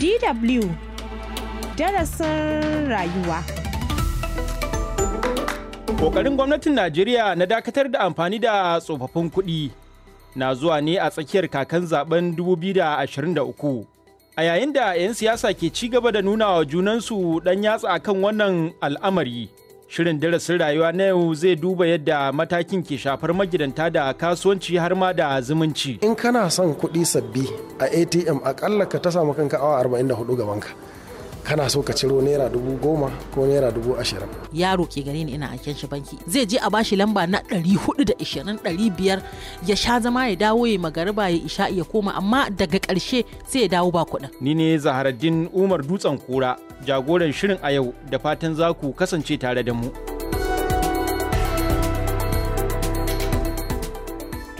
DW darasin rayuwa. Ƙoƙarin gwamnatin Najeriya na dakatar da amfani da tsofaffin kuɗi na zuwa ne a tsakiyar kakan zaben 2023. A yayin da 'yan siyasa ke ci gaba da nuna wa junansu ɗan yatsa akan wannan al'amari. Shirin darasin rayuwa na yau zai duba yadda matakin ke shafar magidanta da kasuwanci har ma da zumunci. In kana son kuɗi sabbi a ATM akalla ka ta samu kanka awa 44 banka. kana so ka ciro naira dubu goma ko naira dubu ashirin. yaro ke gare ni ina aiken shi banki zai je a bashi lamba na ɗari hudu da ishirin ɗari biyar ya sha zama ya dawo ya magariba ya isha ya koma amma daga ƙarshe sai ya dawo ba kuɗin. ni ne zaharaddin umar dutsen kura jagoran shirin a yau da fatan za ku kasance tare da mu.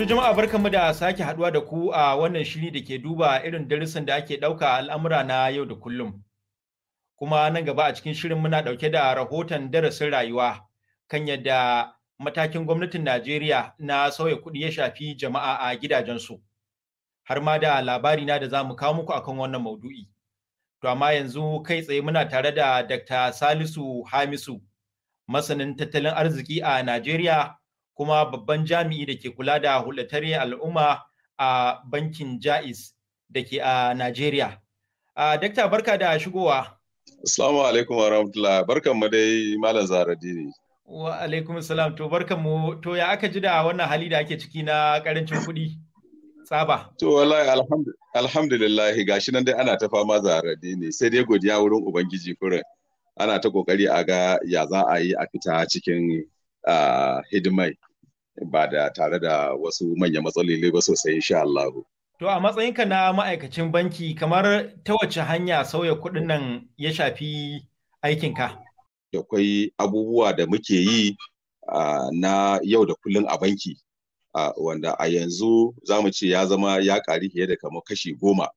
To jama'a barkanmu da sake haduwa da ku a wannan shiri da ke duba irin darussan da ake dauka al'amura na yau da kullum. kuma nan gaba a cikin shirin muna ɗauke da rahoton darasin rayuwa kan yadda matakin gwamnatin Najeriya na sauya kuɗi ya shafi jama'a a gidajensu. Har ma da labari na da za mu kawo muku akan wannan maudu'i. To amma yanzu kai tsaye muna tare da Dr. Salisu Hamisu, masanin tattalin arziki a Najeriya kuma babban jami'i da ke kula da hulatare al'umma a bankin Jais da ke a Najeriya. Dakta barka da shigowa. Assalamu alaikum wa rahmatullah. Barkan mu dai Malam ne. Wa alaikum salam. To barkan mu to ya aka ji da wannan hali da ake ciki na karancin kuɗi? Tsaba. To wallahi alhamdulillah gashi nan dai ana ta fama ne sai dai godiya wurin Ubangiji kurin. Ana ta kokari a ga ya za a yi a fita cikin hidimai ba da tare da wasu manya matsaloli ba sosai insha Allah. To a matsayinka na ma'aikacin banki kamar ta wace hanya sauya kuɗin nan ya shafi aikinka? Da kwai abubuwa da muke yi uh, na yau da kullum a banki wanda a yanzu za mu ce ya zama ya ƙari fiye da kamar kashi goma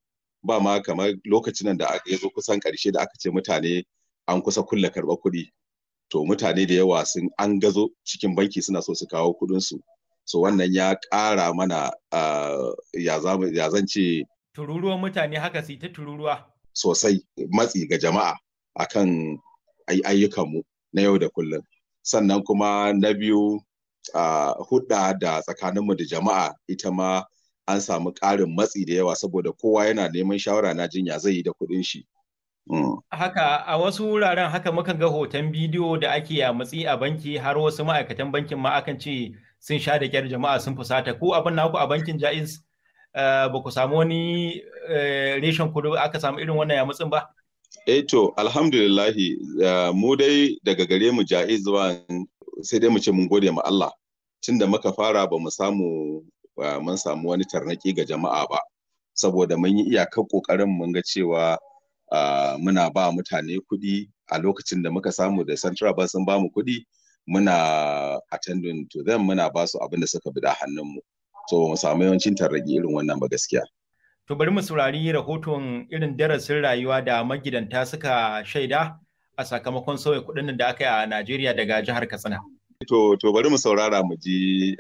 ba ma kamar lokacin da aka zo kusan ƙarshe da aka ce mutane an kusa kulle karɓar kuɗi to mutane da yawa sun an gazo cikin banki suna so su kawo kuɗinsu so wannan ya ƙara mana ya zan ce tururuwan mutane haka su ta tururuwa sosai matsi ga jama'a akan ayyukanmu na yau da kullum sannan kuma na biyu hudda da tsakaninmu da jama'a ita ma an samu ƙarin matsi da yawa saboda kowa yana neman shawara na jinya zai yi da kuɗin shi mm. Haka a wasu wuraren haka muka ga hoton bidiyo da ake a matsi a banki har wasu ma'aikatan bankin ma akan ce sun sha da kyar jama'a sun fusata ko abin naku a bankin jaiz eh, ba ku samu wani eh, reshen kudu aka samu irin wannan ya mutsin ba? Eh to alhamdulillahi eh, mu dai daga gare mu jaiz zuwa sai dai mu ce mun gode ma Allah tun da muka fara ba mu samu mun samu wani tarnaki ga jama'a ba saboda mun yi iyakar kokarin mun ga cewa muna ba mutane kuɗi a lokacin da muka samu da central bank sun ba mu kuɗi muna attending to them muna ba su abin da suka bi da hannunmu so mu samu yawancin tarrage irin wannan ba gaskiya to bari mu saurari rahoton irin darasin rayuwa da magidanta suka shaida a sakamakon sauya kuɗin da aka yi a Najeriya daga jihar Katsina To, to bari mu saurara mu ji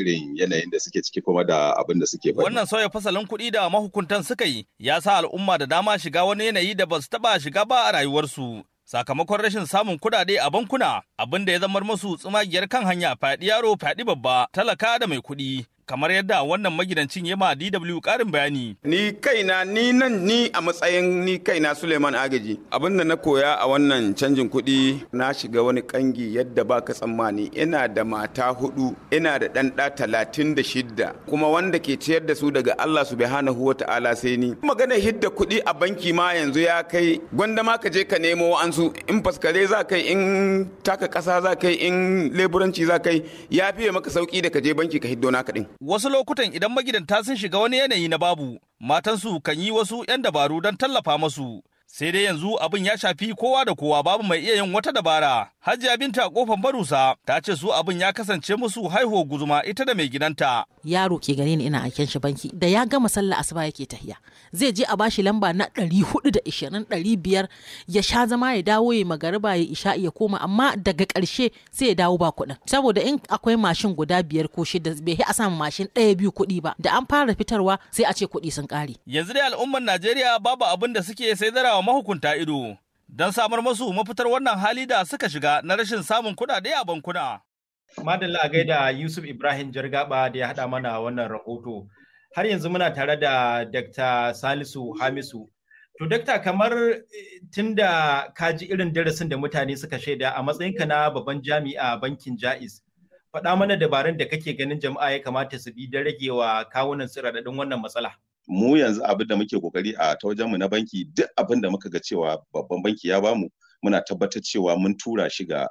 irin yanayin da suke ciki kuma da abin da suke faɗi. Wannan sauya fasalin kuɗi da mahukuntan suka yi ya sa al'umma da dama shiga wani yanayi da ba su taɓa shiga ba a rayuwarsu. sakamakon rashin samun kudade a bankuna abin da ya zamar masu tsumagiyar kan hanya fadi yaro fadi babba talaka da mai kuɗi kamar yadda wannan magidancin ya ma DW karin bayani. Ni kaina ni nan ni a matsayin ni kaina Suleiman Agaji abin da na koya a wannan canjin kuɗi na shiga wani kangi yadda baka tsammani ina da mata hudu ina da ɗan ɗa talatin da shidda kuma wanda ke ciyar da su daga Allah subhanahu wa ta'ala sai ni. Magana hidda kuɗi a banki ma yanzu ya kai gwanda ma ka je ka nemo wa'ansu in faskare za kai in taka ƙasa za kai in leburanci za kai ya fiye maka sauki da ka je banki ka hiddo naka ɗin. Wasu lokutan idan magidanta sun shiga wani yanayi na babu, matansu kan yi wasu 'yan dabaru don tallafa masu, sai dai yanzu abin ya shafi kowa da kowa babu mai iya yin wata dabara hajiya binta kofan barusa ta ce su abin ya kasance musu haihuwa guzuma ita da mai gidanta yaro ke gare ni ina aiken shi banki da ya gama sallah asuba yake tahiya zai je a bashi lamba na ɗari hudu da biyar ya sha zama ya dawo ya magariba ya isha ya koma amma daga karshe sai ya dawo ba kuɗin saboda in akwai mashin guda biyar ko shida bai a samu mashin ɗaya biyu kuɗi ba da an fara fitarwa sai a ce kuɗi sun ƙare yanzu dai al'ummar najeriya babu abin da suke sai zarawa mahukunta ido don samar masu mafitar wannan hali da suka shiga na rashin samun kuɗaɗe a bankuna. Madalla a gaida Yusuf Ibrahim Jargaba da ya haɗa mana wannan rahoto. Har yanzu muna tare da Dr. Salisu Hamisu. To, Dakta, kamar eh, tun da ka ji irin darasin da mutane suka shaida a matsayinka na babban jami'a bankin Ja'is, faɗa mana dabarun da kake ganin jama'a ya kamata su bi da ragewa kawunan tsiradaɗin raɗaɗin wannan matsala. mu yanzu abin da muke kokari a ta wajenmu na banki duk abin da muka ga cewa babban banki ya bamu muna tabbatar cewa mun tura shi ga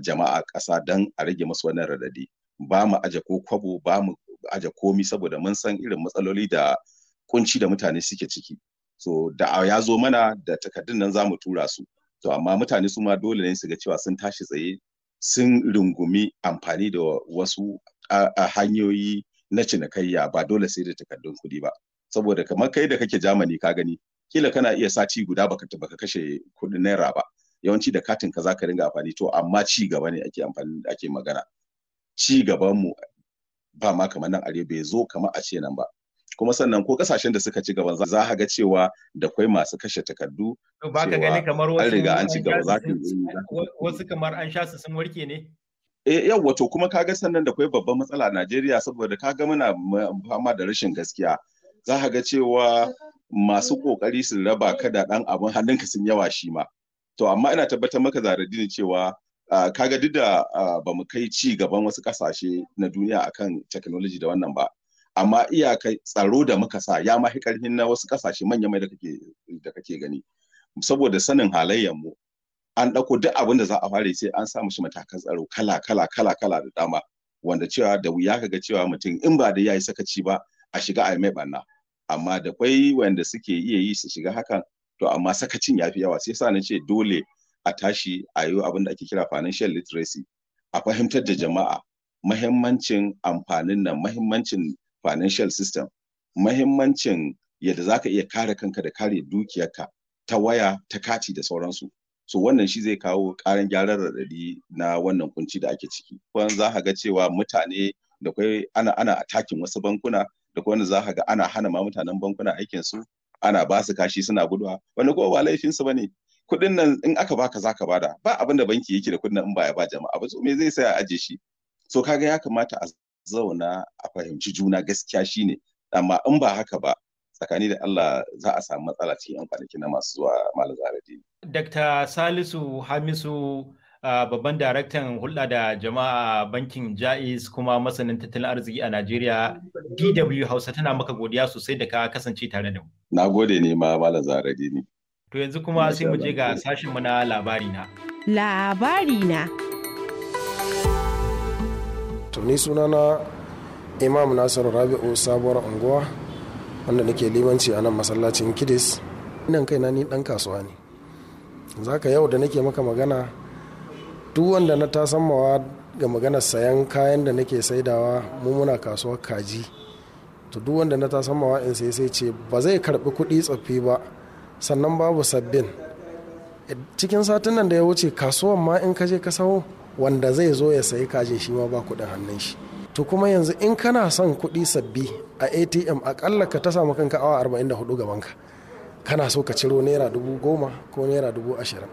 jama'a ƙasa don a rage masu wannan radadi ba mu aje ko kwabo ba mu aje komi saboda mun san irin matsaloli da kunci da mutane suke ciki so da ya zo mana da takardun nan za mu tura su to amma mutane su ma dole ne su ga cewa sun tashi tsaye sun rungumi amfani da wasu hanyoyi na cinikayya ba dole sai da takardun kuɗi ba saboda kamar kai da kake Germany ka gani kila kana iya sati guda baka baka kashe kudin naira ba yawanci da katin ka zaka ringa amfani to amma ci gaba ne ake amfani ake magana ci gaban mu ba ma kamar nan are bai zo kamar a ce nan ba kuma sannan ko kasashen da suka ci gaban za ka ga cewa da kwai masu kashe takardu ba ka gani kamar wasu riga an ci gaba za ka wasu kamar an sha su sun warke ne eh yawa to kuma kaga sannan da kwai babban matsala a Najeriya saboda kaga muna fama da rashin gaskiya za ka ga cewa masu kokari su raba ka da ɗan abin hannunka sun yawa shi ma to amma ina tabbatar maka zaradini cewa kaga duk da ba mu kai ci gaban wasu ƙasashe na duniya akan technology da wannan ba amma iyaka tsaro da muka sa ya mahi na wasu ƙasashe manya mai da kake gani saboda sanin halayyar mu an ɗauko duk abin da za a fara sai an sa shi matakan tsaro kala kala kala kala da dama wanda cewa da wuya ga cewa mutum in ba da yayi sakaci ba a shiga a mai banna amma da kwai wanda suke iya yi su shiga hakan to amma sakacin ya fi yawa sai sa na ce dole a tashi a yi abin da ake kira financial literacy a fahimtar da jama'a mahimmancin amfanin nan mahimmancin financial system mahimmancin yadda zaka iya kare kanka da kare dukiyarka ta waya ta kati da sauransu so wannan shi zai kawo karin gyaran radadi na wannan kunci da ake ciki kuma za ka ga cewa mutane da kwai ana ana atakin wasu bankuna da wanda za ka ga ana hana ma mutanen bankuna aikin su ana ba su kashi suna guduwa Wani ko ba laifin su bane kuɗin nan in aka baka zaka bada ba abin da banki yake da kudin nan in ba ya ba jama'a ba so me zai saya aje shi so kaga ya kamata a zauna a fahimci juna gaskiya shine amma in ba haka ba tsakani da Allah za a samu matsala cikin yan kwanaki na masu zuwa malam zaradini. Dr. Salisu Hamisu babban daraktan hulɗa da jama'a bankin Ja'is kuma masanin tattalin arziki a Najeriya DW Hausa tana maka godiya sosai da ka kasance tare da mu. Na gode ne ma Malam Zaradi ne. To yanzu kuma sai mu je ga sashin mu na labari na. Labari na. To ni sunana Imam Nasiru Rabi'u sabuwar unguwa wanda nake limanci a nan masallacin Kidis. kai kaina ni dan kasuwa ne. Zaka yau da nake maka magana duk wanda na ta sammawa ga maganar sayan kayan da nake saidawa mu muna kasuwar kaji to duk wanda na ta sammawa in sai sai ce ba zai karbi kuɗi tsoffi ba sannan babu sabbin cikin satin nan da ya wuce kasuwar ma in ka je ka sawo wanda zai zo ya sayi kajin shi ma ba kuɗin hannun shi to kuma yanzu in kana son kuɗi sabbi a atm akalla ka ta samu kanka awa 44 gabanka kana so ka ciro naira dubu goma ko naira dubu ashirin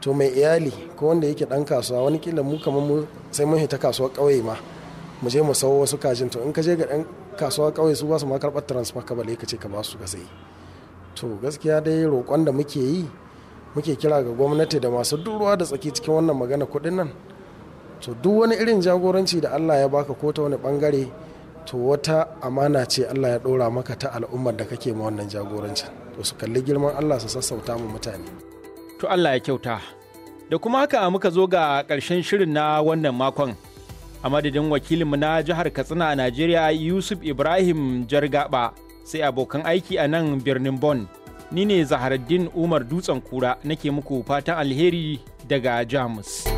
to mai iyali ko wanda yake dan kasuwa wani kila mu kamar mu sai mun hita kasuwar kauye ma mu je mu sawo wasu kajin to in ka je ga dan kasuwa kauye su ba su ma karɓar transfer ka bale ka ce ka ba su ka sai to gaskiya dai roƙon da muke yi muke kira ga gwamnati da masu duruwa da tsaki cikin wannan magana kuɗin nan to duk wani irin jagoranci da Allah ya baka ko ta wani bangare to wata amana ce Allah ya ɗora maka ta al'ummar da kake ma wannan jagorancin to su kalli girman Allah su sassauta mu mutane to Allah ya kyauta. Da kuma haka muka zo ga ƙarshen shirin na wannan makon. A madadin wakilinmu na jihar Katsina a Najeriya Yusuf Ibrahim Jargaba sai abokan aiki a nan birnin Bon. Ni ne Zaharaddin Umar Dutsen Kura nake muku fatan alheri daga Jamus.